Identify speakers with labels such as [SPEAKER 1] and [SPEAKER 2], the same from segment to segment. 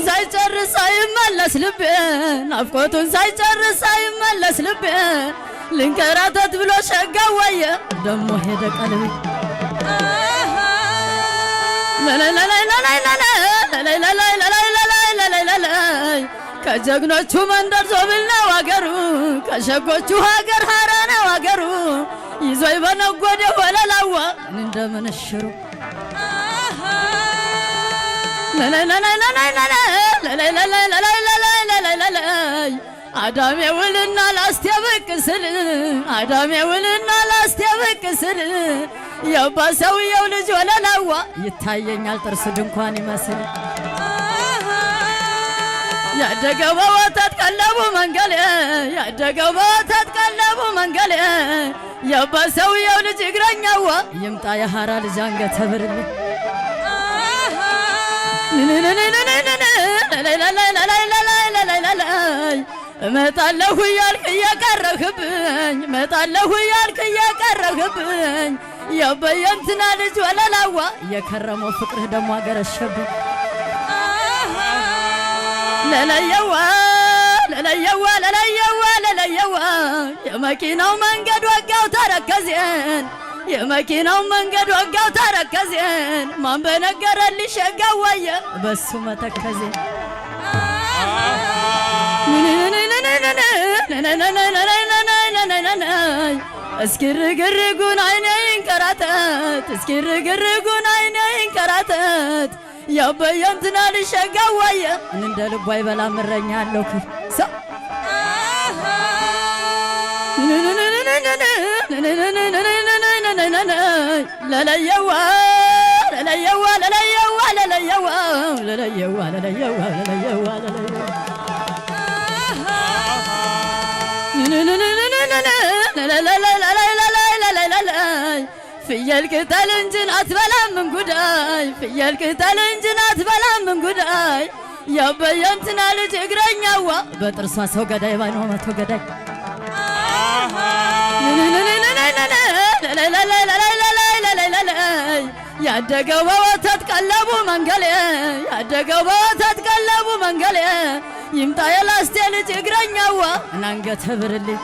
[SPEAKER 1] ናፍቆቱን ሳይጨርስ አይመለስ ልቤ ናፍቆቱን ሳይጨርስ አይመለስ ልቤ ልንከራተት ብሎ ሸጋ ዋየ ደሞ ሄደ ቀልቤ ከጀግኖቹ መንደር ዞብል ነው አገሩ ከሸጎቹ ሀገር ሀራ ነው አገሩ ይዞይ በነጎደ ወለላዋ እንደምንሽሩ አዳሜ ውልና ላስቴ ብቅ ስል አዳሜ ውልና ላስቴ ብቅ ስል የባ ሰውየው ልጅ ወለላዋ ይታየኛል ጥርስ ድንኳን ይመስል ያደገው በወተት ቀለቡ መንገሌ ያደገው በወተት ቀለቡ መንገሌ የባ ሰውየው ልጅ እግረኛዋ ይምጣ የሐራ ልጅ አንገተ ብርሌ እመጣለሁ እያልክ እየቀረህብኝ እመጣለሁ እያልክ እየቀረህብኝ የበየንትና ልጅ ወለላዋ የከረመው ፍቅርህ ደሞ አገረሸብኝ ለለየዋ ለለየዋ ለለየዋ ለለየዋ የመኪናው መንገድ ወጋው ተረከዜን የመኪናው መንገድ ወጋው ተረከዜን ማን በነገረልሽ ሸጋው በሱ መተከዜ እስኪ ርግርጉን አይኔ ይንከራተት እስኪ ርግርጉን አይኔ ይንከራተት ያበየ እንትና እንደ ልቡ አይበላ ምረኛ አለኩ ሰው ለለየዋ ፍየል ቅጠል እንጅን አትበላም ምን ፍየል ቅጠል እንጅን አትበላም ምን ልጅ እግረኛዋ በጥርሷ ሰው ገዳይ ባይኖ መቶ ገዳይ ያደገው በወተት ቀለቡ መንገሌ ያደገው በወተት ቀለቡ መንገሌ ይምጣ የላስቴ ልጅ እግረኛዋ እናንገት ብርልኝ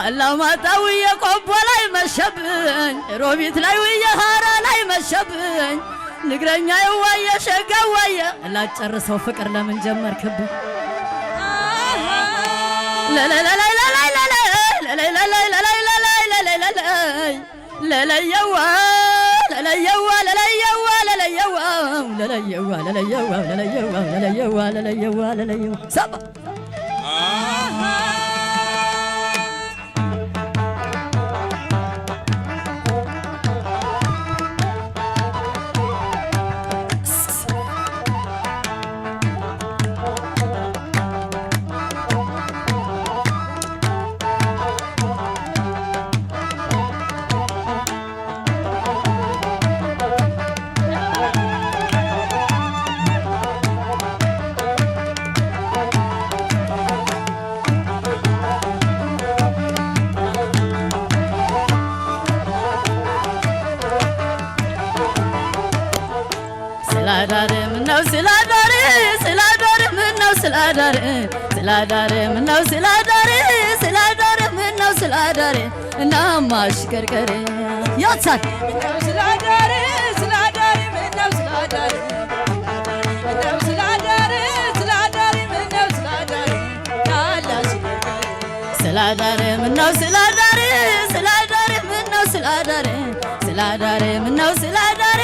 [SPEAKER 1] አላው ማጣ ውዬ ቆቦ ላይ መሸብኝ ሮቢት ላይ ውዬ ሀራ ላይ መሸብኝ ንግረኛ የዋየ ሸጋ ዋየ ላጨርሰው ፍቅር ለምን ጀመርክብኝ? ለለየዋ ለለየዋ ለለየዋ ለለየዋ ለለየዋ ለለየዋ ለለየዋ ለለየዋ ለለየዋ ለለየዋ ስላዳረ ስላዳረ ምነው ስላዳረ ስላዳረ ምነው ስላዳረ እና ቀርቀረ ያሳል ምነው ስላዳረ ስላዳረ ምነው ስላዳረ ስላዳረ ምነው ስላዳረ ስላዳረ ምነው ስላዳረ ስላዳረ ምነው ስላዳረ እና ምነው ስላዳረ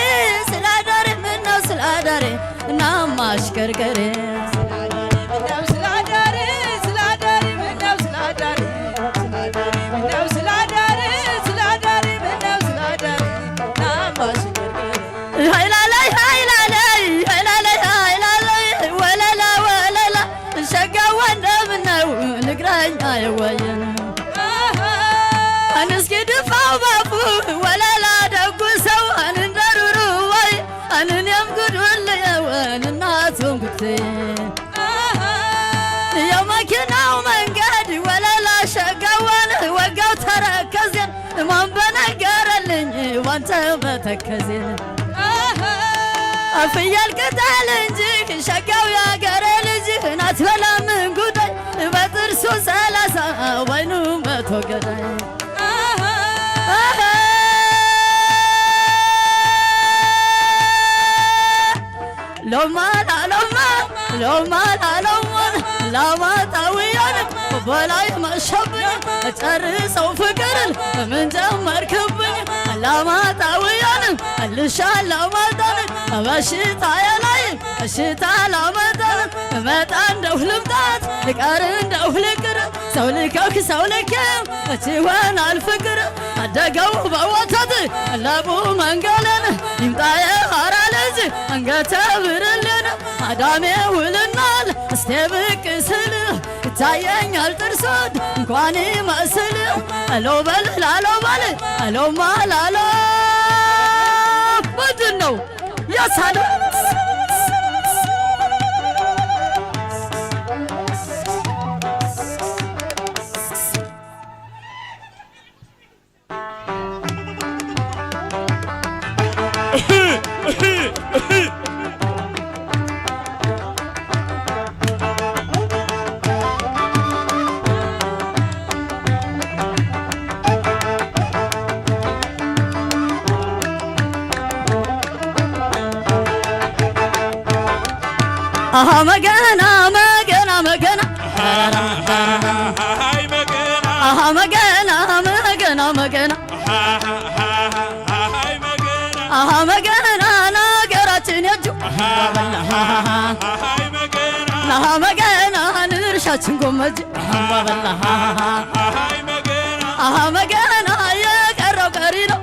[SPEAKER 1] መኪናው መንገድ ወለላ ሸጋዋን ወጋው ተረከዜን ማን በነገረልኝ ዋንተ በተከዜን ፍየል ቅጠል እንጂ ሸጋው ያገረ ልጅ ናት በላምን ጉዳይ በጥርሱ ሰላሳ ወይኑ መቶ ገዳይ ሎማላ ሎማ ሎማላ ሎማ علامات اويان بلاي ما شبني اترسو فكر من جمر كبني علامات اويان الشا علامات ماشي تايلاي ماشي تعلامات مات عندو لبدات لك عندو لكر سولك اوك سولك كام اتي وانا الفكر ادى قو بواتد الابو منقلن يمطايا هارالج انقا تابر اللن ادامي ولنال استيبر ይታየኛል ጥርሶት እንኳን መስል አሎ በል ላለው በል አለውማ ላለው ምንድን ነው ያሳለው መገና መገና መገና መገና መገና መገና መገና ነገራችን የጁ መገና ንርሻችን ጎመጅ መገና የቀረው ቀሪ ነው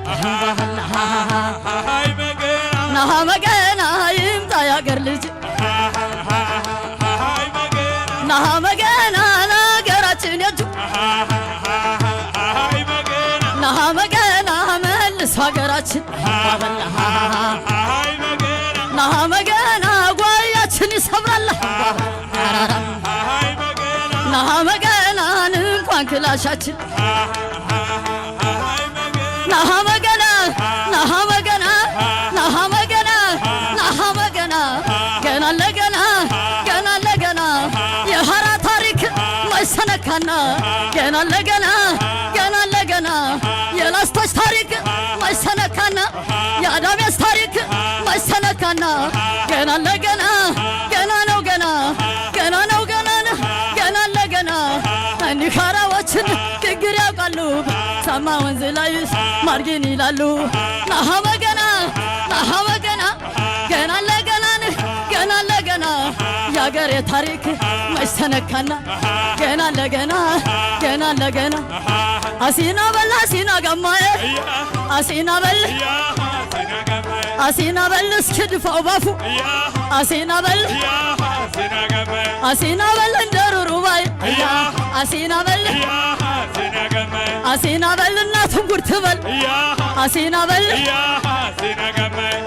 [SPEAKER 1] አዳራሻችን ናሃ መገና ናሃ መገና ገና ለገና ገና ለገና የሐራ ታሪክ ማይሰነካና ገና ለገና ገና ለገና የላስቶች ታሪክ ማይሰነካና የአዳሚያስ ታሪክ ማይሰነካና ገና ለገና ሳይስ ማርጊን ይላሉ ናሃ በገና ናሃ በገና ገና ለገናን ገና ለገና የአገሬ ታሪክ መች ተነካና ገና ለገና ገና ለገና አሲና በል አሲና ገማዬ አሲና በል አሲና በል እስክድፋው ባፉ አሲና በል አሲና በል እንደ ሩሩባይ አሲና በል አሴና በል እናት ጉድ ትበል አሴና በል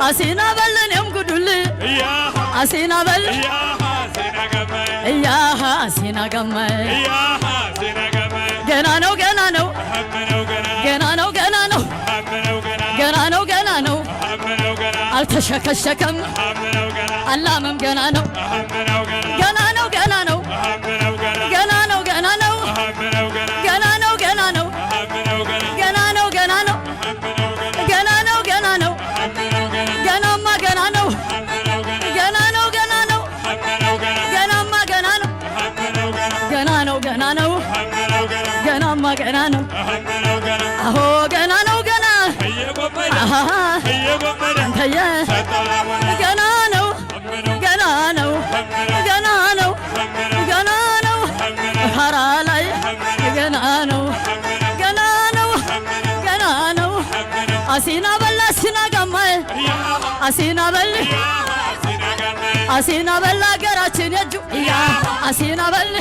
[SPEAKER 1] አሴና በል እኔም ጉዱል አሴና በል እያሃ አሴና ገመይ ገና ነው ገና ነው ገና ነው ገና ነው ገና ነው ገና ነው አልተሸከሸከም አላምም ገና ነው ገና ገና ገና ነው ገና ነው ገና ፋራ ላይ ገና ነው ገና ገና ነው አሲና በል አሲና ጋማ አሲና በል አሲና በል አገራችን የጁ አሲና በል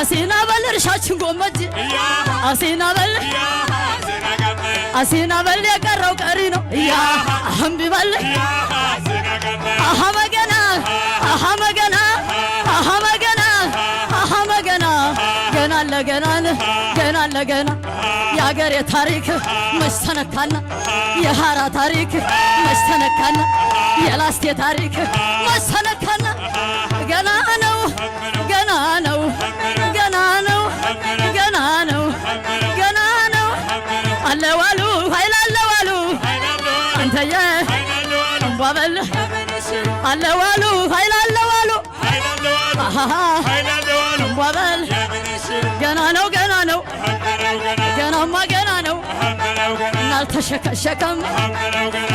[SPEAKER 1] አሲና በል እርሻችን ጎመጅ አሲና በል አሲና በል የቀረው ቀሪ ነው። አህም ቢበል አሀ መገና አሀ መገና አሀ መገና አሀ መገና ገና ለገናን ገና ለገና የአገሬ ታሪክ መስተነካና የሐራ ታሪክ መስተነካና የላስቴ ታሪክ መስተነካና ገና አበል አለዋሉ ኃይል አለዋሉ አበል ገና ነው ገና ነው ገናማ ገና ነው እናልተሸከሸከም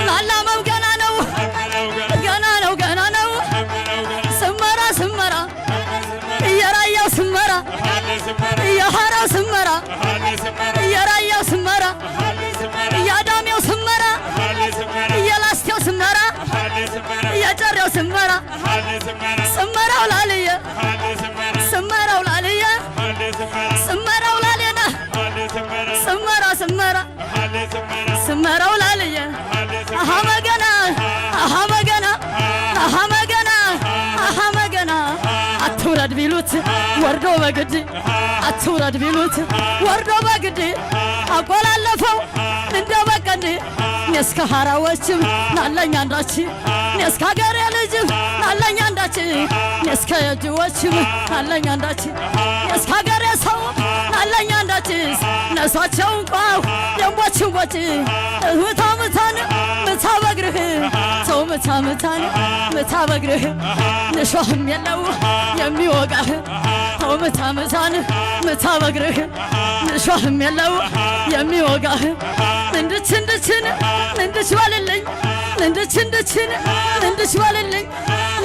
[SPEAKER 1] ላላመም ገና ነው ገና ነው ገና ነው ስመራ ስመራ እየራያው ስመራ እየሐራው ስመራ እየራያው ስመራ ስመራው ስመራ ስመራው ላልየ ስመራው ላልየ ስመራው ላልየነ ስመራ ስመራ ስመራው ላልየ አሃ መገና አሃ መገና አሃ መገና አሃ መገና አትውረድ ቢሉት ወርዶ በግድ አትውረድ ቢሉት ወርዶ በግድ አቆላለፈው እንደ በቀድ የእስከ ሐራዎችም አንዳች እስከ ሀገር ልጅ አለኝ አንዳች እስከ እጅዎች አለኝ አንዳች እስከ ሀገር ሰው አለኝ አንዳች ነሷቸውን ቋው ደንቦች ወጭ እህታምታን ምታ ምታን ምታ በግርህ ንሾህም የለው የሚወጋህ ተው ምታ ምታን ምታ በግርህ ንሾህም የለው የሚወጋህ እንድች እንድችን እንድች በልልኝ እንድች እንድችን እንድች በልልኝ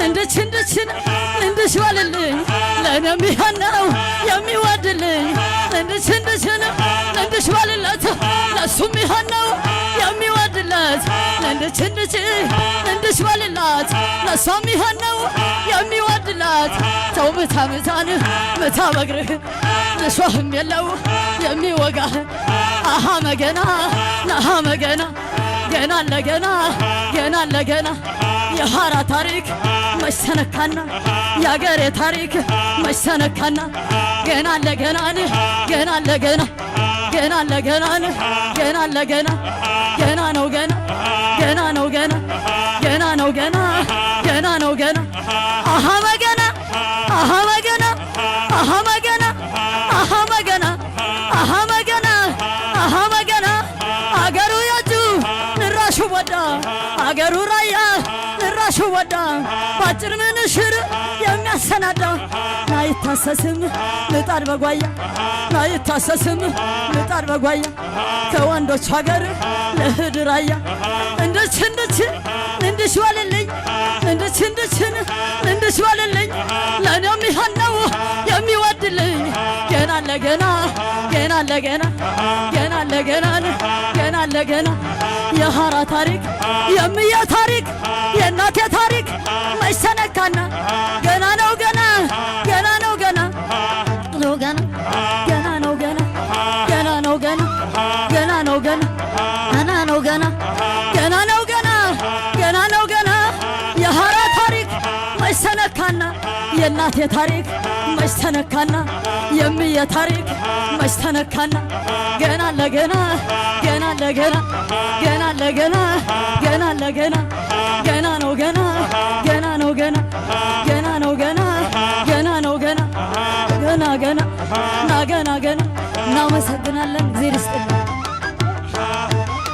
[SPEAKER 1] እንድች እንድችን እንድች በልልኝ ለእኔም ይኸነው የሚወድልኝ እንድች እንድችን እንድች በልለት ለእሱም ይኸነው እንድች እንድች እንድች በልላት ለሷም ይሆን ነው የሚ ምታ ምታንህ ምታ በግርህ እሾህም የለው የሚወጋህ አሃ መገና ናሃ መገና ገና ለገና ገና ለገና የሐራ ታሪክ መሰነካና የአገሬ ታሪክ መሰነካና ገና ለገናንህ ገና ለገና ገና ለገናንህ ገና ለገና ገና ነው ገና ገና ነው ገና ገና ነው ገና ገና ነው ገና አሃ አሃ መገና አሃ መገና አሃ መገና አሃ መገና አሃ መገና አገሩ ያጁ ንራሹ ወዳ አገሩ ራያ ንራሹ ወዳ አሰናዳ ና ይታሰስም ምጣድ በጓያ ና ምጣድ በጓያ ከወንዶች ሀገር ለህድራያ እንድች እንድች እንድች ዋልልኝ እንድች እንድችን እንድች ዋልልኝ ለእኔም ይህን ነው የሚወድልኝ ገና ለገና ገና ለገና ገና ለገና ገና ለገና የሐራ ታሪክ የምያ ታሪክ የእናቴ ታሪክ መች ተነካና የታሪክ ታሪክ መች ተነካና ገና ለገና ገና ለገና ገና ለገና ገና ለገና ገና ነው ገና ገና ነው ገና ገና ነው ገና ገና ነው ገና ገና ገና ና ገና ገና እናመሰግናለን። እግዜር ይስጥልን።